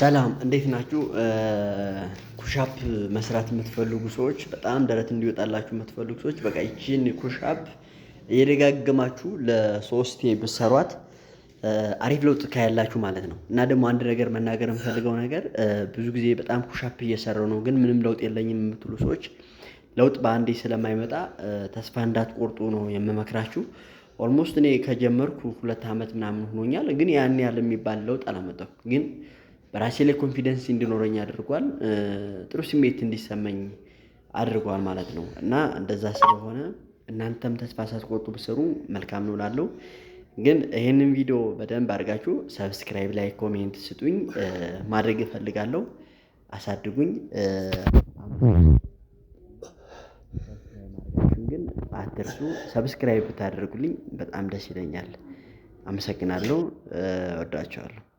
ሰላም እንዴት ናችሁ? ኩሻፕ መስራት የምትፈልጉ ሰዎች በጣም ደረት እንዲወጣላችሁ የምትፈልጉ ሰዎች በቃ ይቺን ኩሻፕ እየደጋገማችሁ ለሶስቴ ብሰሯት አሪፍ ለውጥ ካያላችሁ ማለት ነው። እና ደግሞ አንድ ነገር መናገር የምፈልገው ነገር ብዙ ጊዜ በጣም ኩሻፕ እየሰራው ነው፣ ግን ምንም ለውጥ የለኝም የምትሉ ሰዎች ለውጥ በአንዴ ስለማይመጣ ተስፋ እንዳትቆርጡ ነው የምመክራችሁ። ኦልሞስት እኔ ከጀመርኩ ሁለት ዓመት ምናምን ሆኖኛል፣ ግን ያን ያህል የሚባል ለውጥ አላመጣም ግን በራሴ ላይ ኮንፊደንስ እንዲኖረኝ አድርጓል። ጥሩ ስሜት እንዲሰመኝ አድርጓል ማለት ነው። እና እንደዛ ስለሆነ እናንተም ተስፋ ሳትቆርጡ ብሰሩ መልካም ነው እላለሁ። ግን ይህንን ቪዲዮ በደንብ አድርጋችሁ ሰብስክራይብ፣ ላይ ኮሜንት ስጡኝ። ማድረግ እፈልጋለሁ። አሳድጉኝ። ግን አትርሱ። ሰብስክራይብ ብታደርጉልኝ በጣም ደስ ይለኛል። አመሰግናለሁ። ወዳቸዋለሁ።